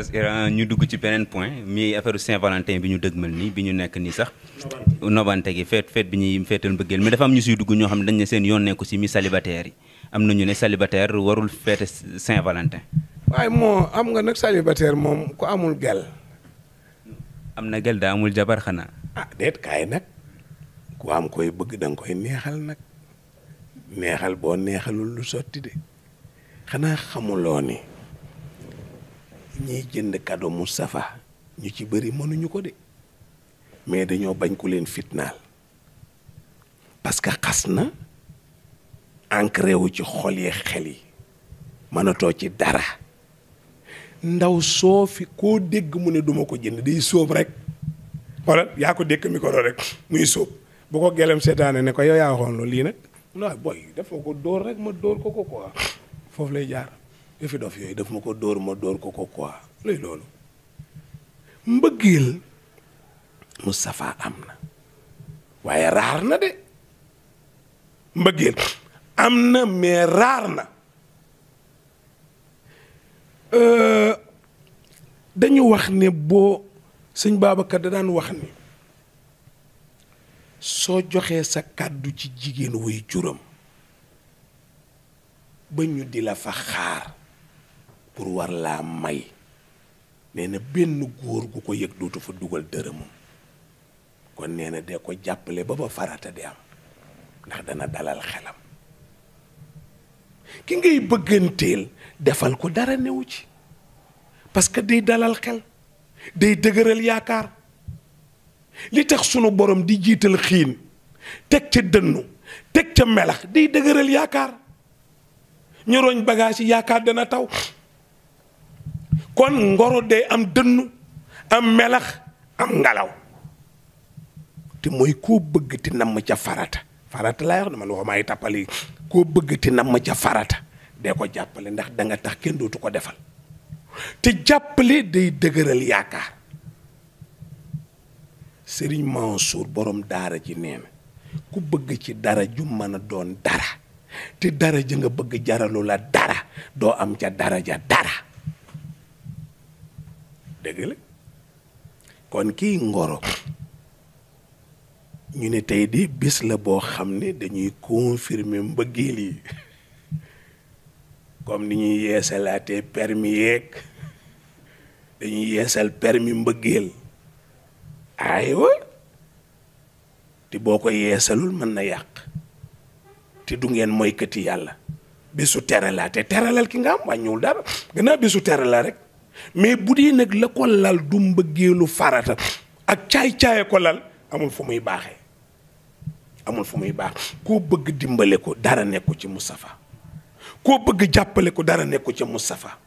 parce euh, ñu dugg ci beneen point mi affaire Saint-Valentin bi ñu dëgmal nii bi ñu nekk nii sax. novante gi feet feet bi ñuy feetal mbëggeel mais dafa am ñu siy dugg ñoo xam ne dañ ne seen yoon nekku si mi célibataire yi am na ñu ne célibataire warul feete Saint-Valentin. waaye moo am nga nag célibataire moom ku amul gel. am na gel daa amul jabar xanaa. ah déet kaay nag ku am koy bëgg da nga koy neexal nag neexal boo neexalul lu sotti de xanaa xamuloo ni. ñiy jënd kado mustafa ñu ci bëri mënuñu ko de mais dañoo bañ ku leen fitnaal parce que xas na ancré wu ci xol yi xel yi mënatoo ci dara ndaw soo fi koo dégg mu ne duma ko jënd day sóob rek wala yaa ko dékk micro rek muy sóob bu ko gelem seetaane ne ko yow yaa waxoon loolu lii nag non booy dafa ko dóor rek ma dóor ko ko quoi foofu lay jaar yëfi dof yooyu daf ma ko dóor ma dóor ko ko quoi luy loolu mbëggeel Moustapha am na waaye raar na de mbëggeel am na mais raar na euh, dañu wax ne boo sëñ Babacar da daan wax ni soo joxee sa kàddu ci jigéen wuy juram ba ñu di la fa xaar pour war laa may nee na benn góor gu ko yëg dootu fa dugal dërëmam kon nee na de ko jàppale ba ba farata di am ndax dana dalal xelam ki ngay bëgganteel defal ko dara newu ci parce que day dalal xel day dëgëral yaakaar li tax sunu borom di jiital xiin teg ca dënnu teg ca melax day dëgëral yaakaar ñoroñ bagage yi yaakaar dana taw kon ngoro day am dënn am melax am ngalaw te mooy koo bëgg ti namm ca farata farata laa wax ne man waxumaa ay tàppali koo bëgg ti namm ca farata dee ko jàppale ndax danga tax kenn dootu ko defal ti jàppale day dëgëral yaakaar sëriñ Mansour borom daara ji nee ku bëgg ci dara ju mën a doon dara te dara ja nga bëgg jaralu la dara doo am ca dara ja dara dëgg la kon kii ngoro ñu ne tey di bis la boo xam ne dañuy confirmer mbëggeel yi comme ni ñuy yeesalaatee permis yeeg dañuy yeesal permi mbëggeel aywa te boo ko yeesalul mën na yàq te du ngeen moykati yàlla bisu tere la te teralal ki nga am wàññiwul dara gannaaw bisu tere la rek mais bu dee nag la ko lal du mbëggeelu farata ak caay-caaya ko lal amul fu muy baaxee amul fu muy baax koo bëgg dimbale ko dara nekku ci mustafa koo bëgg jàppale ko dara nekku ci Moustapha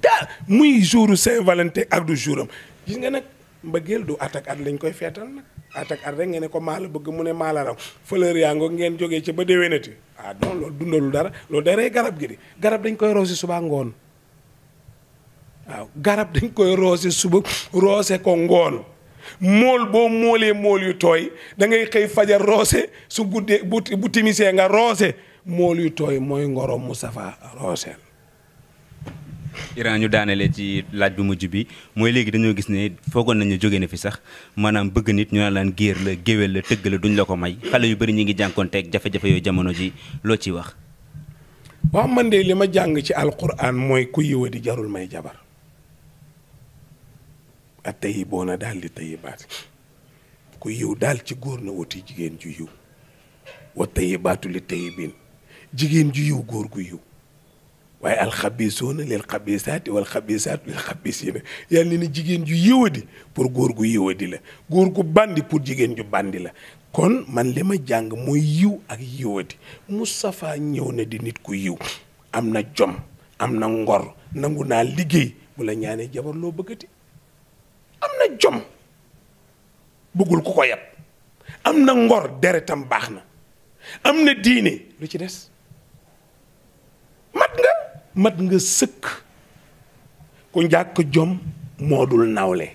daa muy jouru Saint-Valentin ak du jouram gis nga nag mbëggeel du at at lañ koy feetal nag at ak at rek ngeen ne ko maala bëgg mu ne maala raw fleur yaa ngo ngeen jógee ci ba déwénati ah non loolu dundalul dara loolu day rey garab gi di garab dañ koy rosi suba ngoon waaw garab dañ koy roose suba roose ko ngoon mool boo moolee mool yu tooy da ngay xëy fajar roose su guddee bu bu timisee nga roose mool yu tooy mooy ngorom Moustapha rooseel Iran ñu daanele ci laaj bu mujj bi mooy léegi dañoo gis ne foogoon nañu jóge na fi sax maanaam bëgg nit ñu naan laan géer la géwél la tëgg la duñ la ko may xale yu bari ñu ngi jànkoonteeg jafe-jafe yooyu jamono ji loo ciy wax. waaw man de li ma jàng ci alquran mooy ku yow di jarul may jabar. a tayi boona daal di tayi ku yiw daal ci góor na wuti jigéen ju yiw wa tayi baatu li tayi jigéen ju yiw góor gu yiw waaye alxabisoona lil xabisaati wal xabisaatu lil xabisiina yàlla ne jigéen ju yiwadi pour góor gu yiwadi la góor gu bandi pour jigéen ju bandi la kon man li ma jàng mooy yiw ak yiwadi Moustapha ñëw na di nit ku yiw am na jom am na ngor nangu naa liggéey bu la ñaanee jabar loo bëggati jom bëggul ku ko yab am na ngor deretam baax na am na diine lu ci des mat nga mat nga sëkk ku ñàkk jom moo dul nawle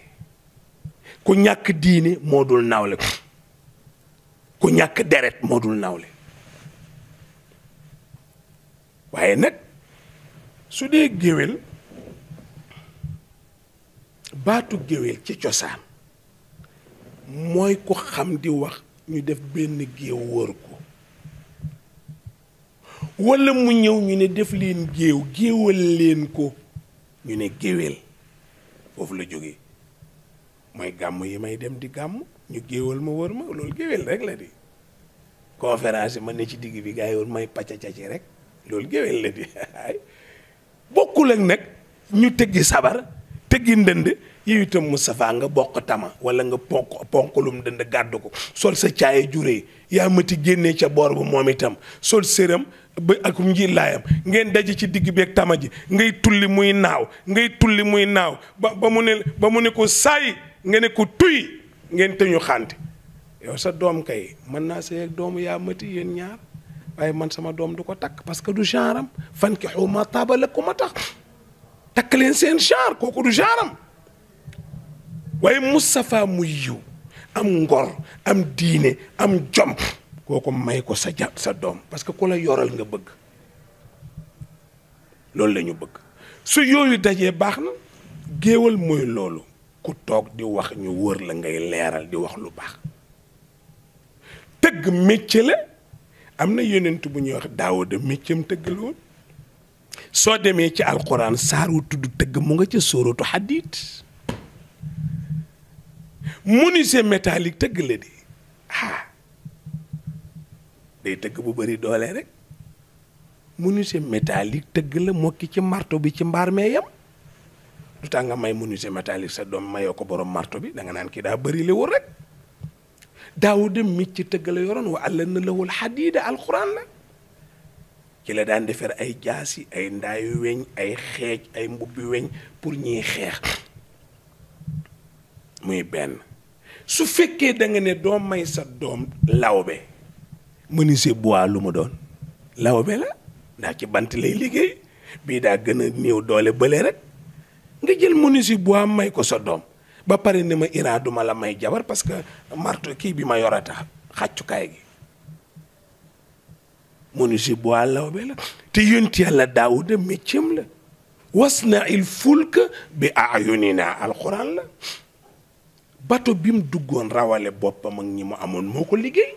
ku ñàkk diine moo dul nawle ku ñàkk deret moo dul nawle waaye nag su dee géwél baatu géwél ci cosaan mooy ko xam di wax ñu def benn géew wër ko walla mu ñëw ñu ne def leen géew géewal leen ko ñu ne géwél foofu la jóge mooy gàmm yi may dem di gàmm ñu géewal ma wër ma loolu géwél rek la di conférence ma ne ci digg bi gaa yi wër may paccacaci rek loolu géwél la di bokkul ak nag ñu tëggi sabar tëggi ndënd yow itam Moustapha nga bokk tama wala nga ponk ponkalum dënd gàddu ko sol sa caaye juree yaa mati génne ca boor bu moom itam sol séram ba ak njiit laayam ngeen daje ci digg beeg tama ji ngay tulli muy naaw ngay tulli muy naaw ba ba mu ne ba mu ne ko saay nga ne ko tuy ngeen teñu xante yow sa doom kay mën naa se ak doomu yaa mati yéen ñaar waaye man sama doom du ko takk parce que du genre am fan ki xaw ma taabale ko ma tax takk leen seen genre kooku du genre waaye Moustapha muy yiw am ngor am diine am jom kooku may ko sa sa doom parce que ku la yoral nga bëgg loolu lañu bëgg su yooyu dajee baax na géewal mooy loolu ku toog di wax ñu wër la ngay leeral di wax lu baax tëgg métier la am na yeneen bu ñuy wax daawo de métier am soo demee ci alxuraan saar wu tudd tëgg mu nga ca sóoratu xadiit menuisier métallique tëgg la di ah day tëgg bu bari doole rek menuisier métallique tëgg la mokki ci marto bi ci mbaar mee yam lu tax nga may menuisier métallique sa doom mayoo ko boroom marto bi danga naan kii daa bëri li wul rek daawu dem mit ci tëgg la yoroon wa àlla na lawul xadiida alxuraan la ci la daan defar ay jaasi ay ndaay weñ ay xeej ay mbubbi weñ pour ñuy xeex muy benn su fekkee danga ne doo may sa doom lawbe menuisier bois lu mu doon lawbe la ndax ci bant lay liggéey bii daa gën a néew doole bële rek nga jël menuisier bois may ko sa doom ba pare ne ma Ira duma la may jabar parce que marto kii bi ma yorata xàccukaay gi menuisier bois lawbe la te yonti yàlla daawuda méccam la was na il fulka bi ayunina alxuraan la bato bi mu duggoon rawale boppam ak ñi mu amoon moo ko liggéey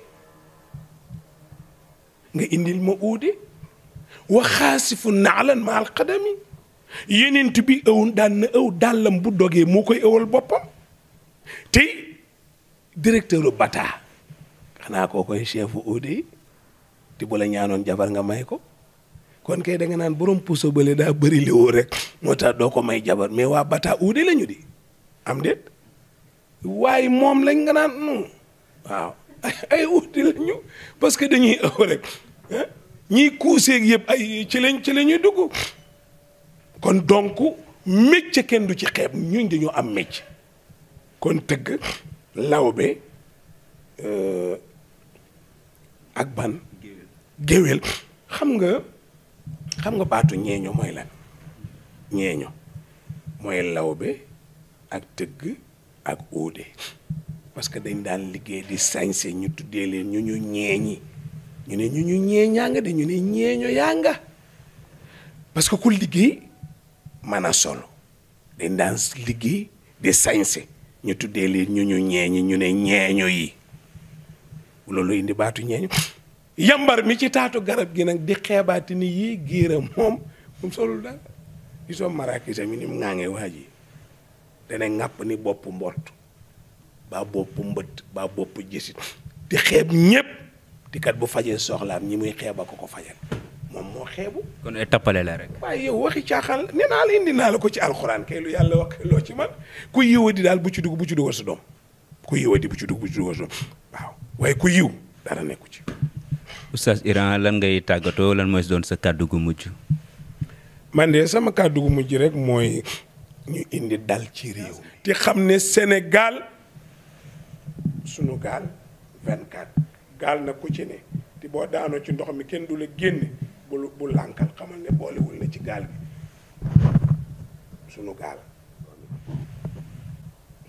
nga indi ma uude wa xaasifu naalan ma alqadami yenent bi ëw na ëw dàllam bu dogee moo koy ëwal boppam te directeuru bata xanaa koo koy chefu uude yi te bu la ñaanoon jabar nga may ko kon kay da nga naan borom puso bële daa bëri li rek moo tax doo ko may jabar mais waa bata uude lañu di am déet waaye moom lañ nga naan non hmm, waaw ay uti lañu parce que dañuy ëw rek ñiy kuuseeg yëpp ay ci lañ ci la ñuy dugg kon donk métier kenn du ci xeeb ñuñ dañoo am métier kon tëgg lawbe euh, ak ban géwél xam nga xam nga baatu ñeeño mooy lan ñeeño mooy lawbe ak tëgg ak uude parce que dañ daan liggéey di sañse ñu tuddee leen ñu ñu ñeeñi ñu ne ñu ñu ñeeñaa nga de ñu ne ñeeño yaa nga parce que ku liggéey mën a solo dañ daan liggéey di sañse ñu tuddee leen ñu ñu ñeeñi ñu ne ñeeño yi loolu indi baatu ñeeño yambar mi ci taatu garab gi nag di xeebaat ni yii giira moom moom solul daal gisoo maraakisam yi ni mu ŋaangee waa ji dana ŋàpp ni boppu mbott ba bopp mbët ba bopp jësit di xeeb ñépp di kat bu fajee soxlaam ñi muy xeeba ko ko fajal moom moo xeebu. kon ay tappale la rek. waaye yow waxi caaxaan la la indi naa la ko ci alxuraan kay lu yàlla wax loo ci man ku yiwa di daal bu ci dugg bu ci dugal sa doom ku yiwa di ci dugg bu waaw waaye ku yiw dara nekku ci. oustaz Iran lan ngay tàggatoo lan mooy doon sa kàddu gu mujj. man de sama kàddu gu mujj rek mooy. ñu indi dal ci réew mi te xam ne Sénégal sunu gaal 24 gaal na ku ci ne te boo daanoo ci ndox mi kenn du la génne bu bu lànkal xamal ne boolewul na ci gaal gi sunu gaal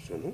sunu.